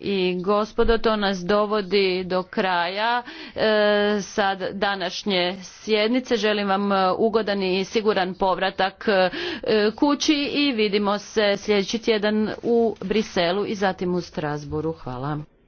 i gospodo, to nas dovodi do kraja e, sad današnje sjednice. Želim vam e, ugodan i siguran povratak e, kući i vidimo se sljedeći tjedan u Briselu i zatim u Strasboru. Hvala.